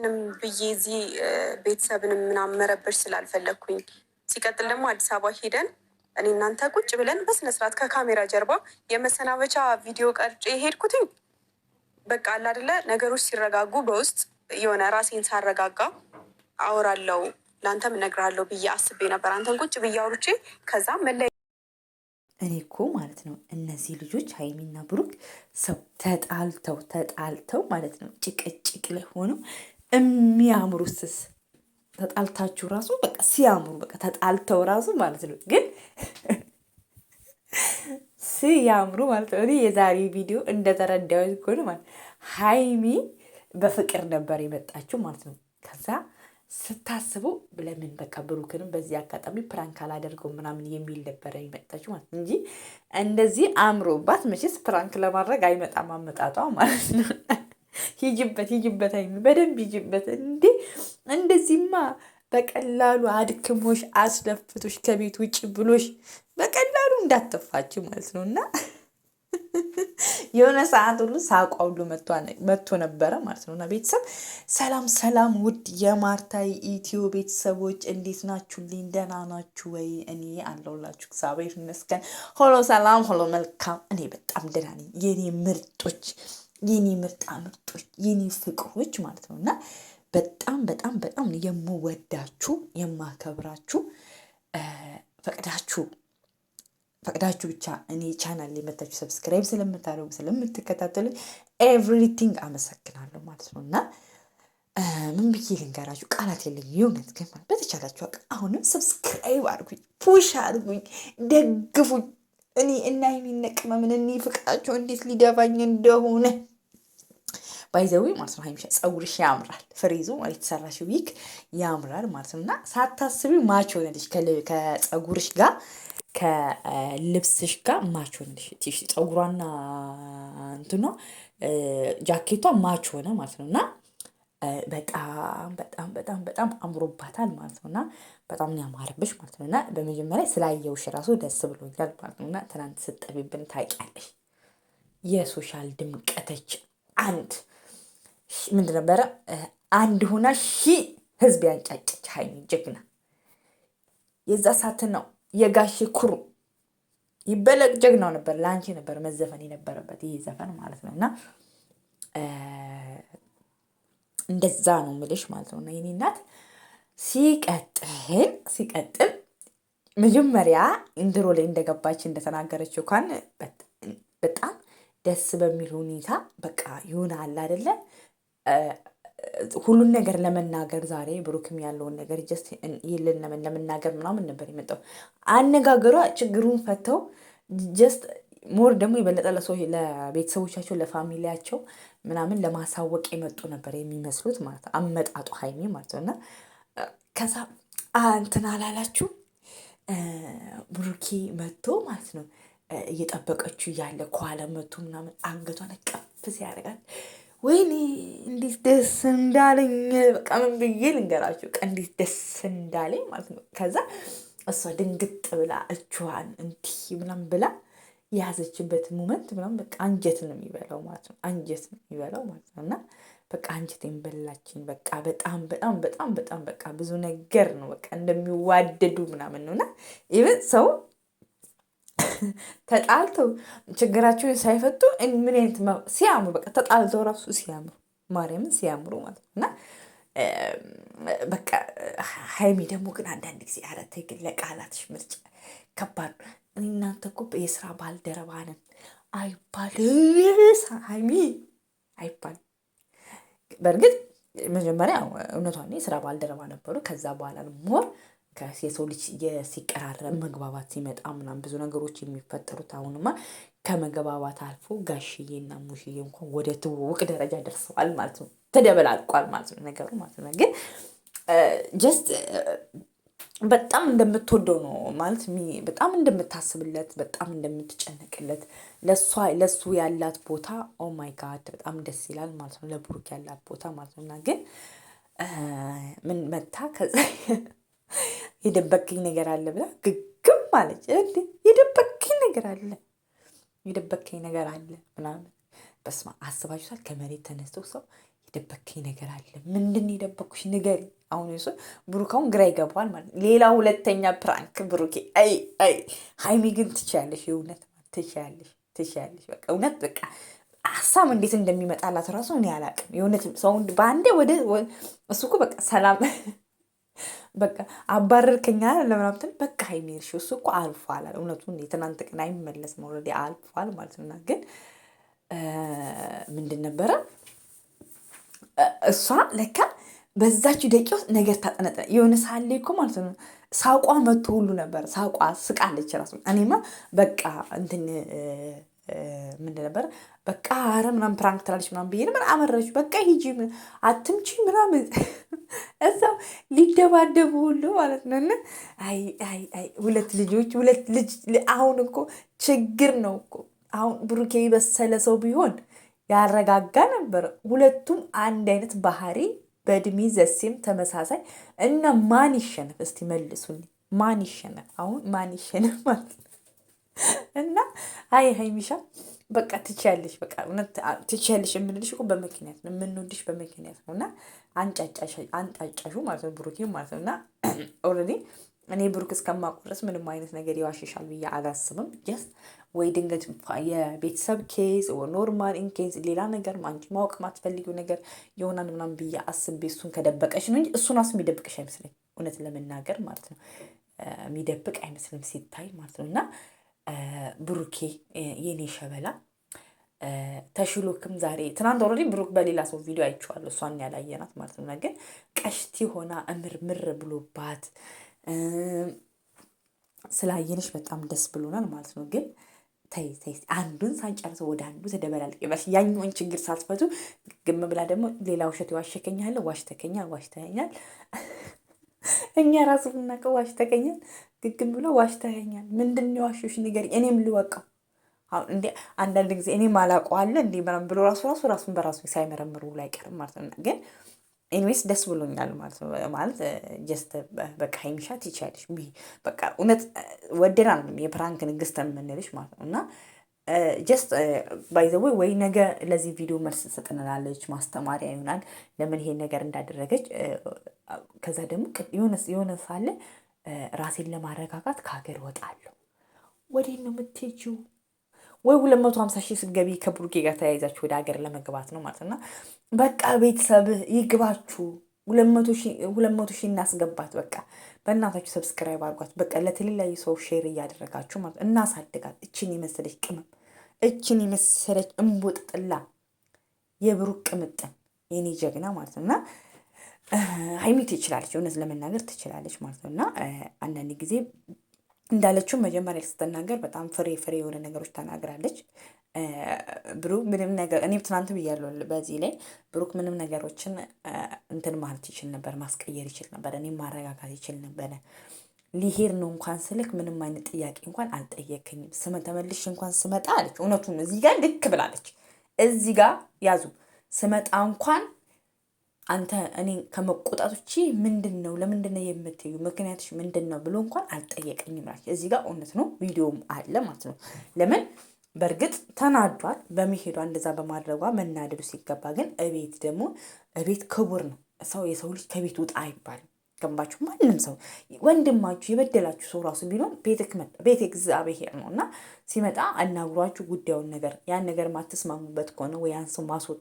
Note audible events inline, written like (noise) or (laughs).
አንቺንም ብዬ እዚህ ቤተሰብን ምናመረብሽ ስላልፈለግኩኝ፣ ሲቀጥል ደግሞ አዲስ አበባ ሄደን እኔ እናንተ ቁጭ ብለን በስነስርዓት ከካሜራ ጀርባ የመሰናበቻ ቪዲዮ ቀርጬ የሄድኩትኝ በቃ አላደለ ነገሮች ሲረጋጉ በውስጥ የሆነ ራሴን ሳረጋጋ አውራለው ለአንተም እነግርሃለሁ ብዬ አስቤ ነበር። አንተን ቁጭ ብዬ አውርቼ ከዛ መለ እኔ እኮ ማለት ነው እነዚህ ልጆች ሀይሚና ብሩክ ሰው ተጣልተው ተጣልተው ማለት ነው ጭቅጭቅ ላይ ሆነው የሚያምሩትስ ተጣልታችሁ ራሱ በቃ ሲያምሩ በቃ ተጣልተው ራሱ ማለት ነው ግን ሲያምሩ ማለት ነው። የዛሬ ቪዲዮ እንደተረዳሁት ከሆነ ማለት ሀይሚ በፍቅር ነበር የመጣችው ማለት ነው። ከዛ ስታስቡ ለምን በቃ ብሩክንም በዚህ አጋጣሚ ፕራንክ አላደርገው ምናምን የሚል ነበረ የመጣችው ማለት እንጂ እንደዚህ አምሮባት መቼስ ፕራንክ ለማድረግ አይመጣም አመጣጧ ማለት ነው። ሂጅበት ሂጅበት አይኑ በደንብ ሂጅበት። እንዴ እንደዚህማ በቀላሉ አድክሞሽ አስደፍቶሽ ከቤት ውጭ ብሎሽ በቀላሉ እንዳትፋች ማለት ነው። እና የሆነ ሰዓት ሁሉ ሳቋ ሁሉ መጥቶ ነበረ ማለት ነው። እና ቤተሰብ ሰላም ሰላም፣ ውድ የማርታ ኢትዮ ቤተሰቦች እንዴት ናችሁልኝ? ደህና ናችሁ ወይ? እኔ አለሁላችሁ እግዚአብሔር ይመስገን። ሆሎ ሰላም፣ ሆሎ መልካም። እኔ በጣም ደህና ነኝ የእኔ ምርጦች የኔ ምርጣ ምርጦች የኔ ፍቅሮች ማለት ነው እና በጣም በጣም በጣም የምወዳችሁ የማከብራችሁ ፈቅዳችሁ ፈቅዳችሁ ብቻ እኔ ቻናል የመታችሁ ሰብስክራይብ ስለምታደርጉ ስለምትከታተሉ ኤቭሪቲንግ አመሰግናለሁ ማለት ነው እና ምን ብዬ ልንገራችሁ፣ ቃላት የለኝ። የእውነት ግን በተቻላችሁ አቅ አሁንም ሰብስክራይብ አድርጉኝ፣ ፑሽ አድርጉኝ፣ ደግፉኝ። እኔ እና የሚነቅመምን እኔ ፍቅራቸው እንዴት ሊደባኝ እንደሆነ ባይዘዊ ማለት ነው። ሀይሚሻ ፀጉርሽ ያምራል፣ ፍሬዙ የተሰራሽ ዊክ ያምራል ማለት ነው እና ሳታስቢ ማች ሆነልሽ ከፀጉርሽ ጋር ከልብስሽ ጋር ማች ሆነልሽ። ፀጉሯና እንትኗ ጃኬቷ ማች ሆነ ማለት ነው እና በጣም በጣም በጣም በጣም አምሮባታል ማለት ነው እና በጣም ያማረብሽ ማለት ነው እና በመጀመሪያ ስላየውሽ ራሱ ደስ ብሎኛል ማለት ነው እና ትናንት ስጠቢብን ታውቂያለሽ የሶሻል ድምቀተች አንድ ምንድን ነበረ? አንድ ሁና ሺ ህዝብ ያንጫጨች ሀይሚ ጀግና። የዛ ሳት ነው የጋሽ ኩሩ ይበለቅ ጀግናው ነበር። ለአንቺ ነበር መዘፈን የነበረበት ይህ ዘፈን ማለት ነው። እና እንደዛ ነው ምልሽ ማለት ነው። የኔ እናት ሲቀጥል ሲቀጥል መጀመሪያ እንድሮ ላይ እንደገባች እንደተናገረችው እንኳን በጣም ደስ በሚል ሁኔታ በቃ ይሆናል አይደለ ሁሉን ነገር ለመናገር ዛሬ ብሩክም ያለውን ነገር ጀስት ይልን ለመናገር ምናምን ነበር የመጣው። አነጋገሯ ችግሩን ፈተው ጀስት ሞር ደግሞ የበለጠ ለሰው ለቤተሰቦቻቸው ለፋሚሊያቸው ምናምን ለማሳወቅ የመጡ ነበር የሚመስሉት ማለት ነው። አመጣጡ ሀይሚ ማለት ነው። እና ከዛ እንትን አላላችሁ ብሩኬ መጥቶ ማለት ነው እየጠበቀችው እያለ ከኋላ መቶ ምናምን አንገቷን ቀፍ ሲያደርጋት ወይኔ እንዴት ደስ እንዳለኝ በቃ ምን ብዬ ልንገራችሁ፣ በቃ እንዴት ደስ እንዳለኝ ማለት ነው። ከዛ እሷ ድንግጥ ብላ እችዋን እንዲህ ምናም ብላ የያዘችበት ሙመንት ምናም በቃ አንጀት ነው የሚበላው ማለት ነው። አንጀት ነው የሚበላው ማለት ነው። እና በቃ አንጀት በላችኝ። በቃ በጣም በጣም በጣም በጣም በቃ ብዙ ነገር ነው በቃ እንደሚዋደዱ ምናምን ነው እና ኢቨን ሰው ተጣልተው ችግራቸውን ሳይፈቱ ምን አይነት ሲያምሩ በቃ ተጣልተው ራሱ ሲያምሩ ማርያምን ሲያምሩ ማለት ነው እና በቃ ሀይሚ ደግሞ ግን አንዳንድ ጊዜ ኧረ ተይ ግን ለቃላትሽ ምርጫ ከባድ ነው። እናንተ እኮ የስራ ባልደረባ ነን አይባል ሀይሚ አይባል። በእርግጥ መጀመሪያ እውነቷ የስራ ባልደረባ ነበሩ። ከዛ በኋላ ሞር የሰው ልጅ ሲቀራረብ መግባባት ሲመጣ ምናምን ብዙ ነገሮች የሚፈጠሩት አሁንማ ከመግባባት አልፎ ጋሽዬና ሙሽዬ እንኳን ወደ ትውውቅ ደረጃ ደርሰዋል ማለት ነው። ተደበላልቋል ማለት ነው ነገሩ ማለት ነው። ግን ጀስት በጣም እንደምትወደው ነው ማለት በጣም እንደምታስብለት፣ በጣም እንደምትጨነቅለት ለእሷ ለእሱ ያላት ቦታ ኦ ማይ ጋድ በጣም ደስ ይላል ማለት ነው። ለብሩክ ያላት ቦታ ማለት ነው እና ግን ምን መታ ከዛ የደበቅኝ ነገር አለ ብላ ግግም አለች። እንዴ ነገር አለ የደበቅኝ ነገር አለ ምናምን በስማ አስባችሁታል? ከመሬት ተነስተው ሰው የደበቅኝ ነገር አለ ምንድን የደበኩሽ ንገሪ። አሁን ሱ ብሩካውን ግራ ይገባዋል ማለት ነው። ሌላ ሁለተኛ ፕራንክ ብሩኬ። አይ አይ ሀይሚ ግን ትችያለሽ፣ የእውነት ትችያለሽ፣ ትችያለሽ። በቃ እውነት በቃ ሀሳብ እንዴት እንደሚመጣላት እራሱ እኔ አላውቅም። የእውነት ሰው በአንዴ ወደ እሱ እኮ በቃ ሰላም በቃ አባረርከኛ ለምናምትን በቃ ሀይሜርሽ እሱ እኮ አልፏል። እውነቱን የትናንት ቀን አይመለስም፣ ኦልሬዲ አልፏል ማለት ነው። ግን ምንድን ነበረ እሷ ለካ በዛች ደቂቃ ውስጥ ነገር ታጠነጠ የሆነ ሳሌ እኮ ማለት ነው። ሳቋ መቶ ሁሉ ነበር። ሳቋ ስቃለች ራሱ እኔማ በቃ እንትን ምንድን ነበር በቃ ኧረ ምናም ፕራንክ ትላለች ምናም ብዬ ነበር። አመረች በቃ ሂጂ አትምቺ ምናም (laughs) እዛው ሊደባደቡ ሁሉ ማለት ነው። አይ አይ አይ ሁለት ልጆች ሁለት ልጅ አሁን እኮ ችግር ነው እኮ አሁን ብሩኬ በሰለ ሰው ቢሆን ያረጋጋ ነበር። ሁለቱም አንድ አይነት ባህሪ በእድሜ ዘሴም ተመሳሳይ እና ማን ይሸነፍ? እስቲ መልሱልኝ። ማን ይሸነፍ? አሁን ማን ይሸነፍ ማለት ነው? እና አይ ሀይሚሻ በቃ ትችያለሽ፣ በቃ እውነት ትችያለሽ። የምንልሽ እኮ በምክንያት ነው፣ የምንወድሽ በምክንያት ነው። እና አንጫጫሹ ማለት ነው ብሩኬ ማለት ነው። እና ኦልሬዲ እኔ ብሩክ እስከማቆረስ ምንም አይነት ነገር ይዋሽሻል ብዬ አላስብም። ጀስት ወይ ድንገት የቤተሰብ ኬዝ ኖርማል ኢንኬዝ ሌላ ነገር አንቺ ማወቅ ማትፈልጊው ነገር የሆናን ምናምን ብዬ አስቤ እሱን ከደበቀሽ ነው እንጂ እሱን አስ የሚደብቅሽ አይመስለኝ እውነት ለመናገር ማለት ነው። የሚደብቅ አይመስልም ሲታይ ማለት ነው እና ብሩኬ የኔ ሸበላ ተሽሎክም ዛሬ ትናንት ኦልሬዲ ብሩክ በሌላ ሰው ቪዲዮ አይቼዋለሁ። እሷን ያላየናት ማለት ነው። ግን ቀሽቲ ሆና እምርምር ብሎባት ስላየንሽ በጣም ደስ ብሎናል ማለት ነው። ግን ተይ ተይ አንዱን ሳንጨርሰው ወደ አንዱ ተደበላልቅ ባሽ ያኛውን ችግር ሳትፈቱ ግም ብላ ደግሞ ሌላ ውሸት ዋሸከኛለ ዋሽተከኛል ዋሽተኛል እኛ ራሱ ብናውቀው ዋሽተኸኛል፣ ግግም ብሎ ዋሽተኸኛል። ምንድን የዋሾች ነገር ንገሪኝ፣ እኔም ልወቀው። አሁን እንደ አንዳንድ ጊዜ እኔ ማላውቀው አለ እንደ ምናምን ብሎ ራሱ ራሱ ራሱን በራሱ ሳይመረምሩ አይቀርም ማለት ነው። ግን ኢንዌይስ ደስ ብሎኛል ማለት ነው። ማለት ጀስት በቃ ሀይሚሻ ትችያለሽ፣ በቃ እውነት ወደናል የፕራንክ ንግስት የምንልሽ ማለት ነው እና ጀስት ባይ ዘ ወይ ነገ ለዚህ ቪዲዮ መልስ ትሰጥንላለች፣ ማስተማሪያ ይሆናል ለምን ይሄን ነገር እንዳደረገች። ከዛ ደግሞ የሆነ ሳለ ራሴን ለማረጋጋት ከሀገር ወጣለሁ። ወዴት ነው የምትሄጂው? ወይ ሁለት መቶ ሀምሳ ሺህ ስገቢ ከብሩኬ ጋር ተያይዛችሁ ወደ ሀገር ለመግባት ነው ማለት እና በቃ ቤተሰብ ይግባችሁ። ሁለት መቶ ሺህ እናስገባት። በቃ በእናታችሁ ሰብስክራይብ አድርጓት። በቃ ለተለያዩ ሰው ሼር እያደረጋችሁ ማለት እናሳድጋት። እችን የመሰለች ቅመም፣ እችን የመሰለች እንቦጥ ጥላ የብሩክ ቅምጥን የኔ ጀግና ማለት ነው እና ሀይሚ ትችላለች፣ እውነት ለመናገር ትችላለች ማለት ነው እና አንዳንድ ጊዜ እንዳለችው መጀመሪያ ስትናገር በጣም ፍሬ ፍሬ የሆነ ነገሮች ተናግራለች። ብሩክ ምንም ነገር እኔም ትናንት ብያለሁ። በዚህ ላይ ብሩክ ምንም ነገሮችን እንትን ማለት ይችል ነበር፣ ማስቀየር ይችል ነበር፣ እኔም ማረጋጋት ይችል ነበረ። ሊሄድ ነው እንኳን ስልክ ምንም አይነት ጥያቄ እንኳን አልጠየከኝም፣ ስመ ተመልሽ እንኳን ስመጣ አለች። እውነቱን እዚህ ጋር ልክ ብላለች። እዚህ ጋር ያዙ ስመጣ እንኳን አንተ እኔ ከመቆጣት ውጪ ምንድን ነው ለምንድን ነው የምትዩ ምክንያትሽ ምንድን ነው ብሎ እንኳን አልጠየቀኝም ላች እዚህ ጋር እውነት ነው፣ ቪዲዮም አለ ማለት ነው። ለምን በእርግጥ ተናዷል በመሄዷ እንደዛ በማድረጓ መናደዱ ሲገባ፣ ግን እቤት ደግሞ እቤት ክቡር ነው። ሰው የሰው ልጅ ከቤት ውጣ አይባልም። ገንባችሁ ማንም ሰው ወንድማችሁ የበደላችሁ ሰው ራሱ ቢሆን ቤት እግዚአብሔር ነው እና ሲመጣ አናግሯችሁ ጉዳዩን ነገር ያን ነገር ማትስማሙበት ከሆነ ወይ ያን ሰው ማስወ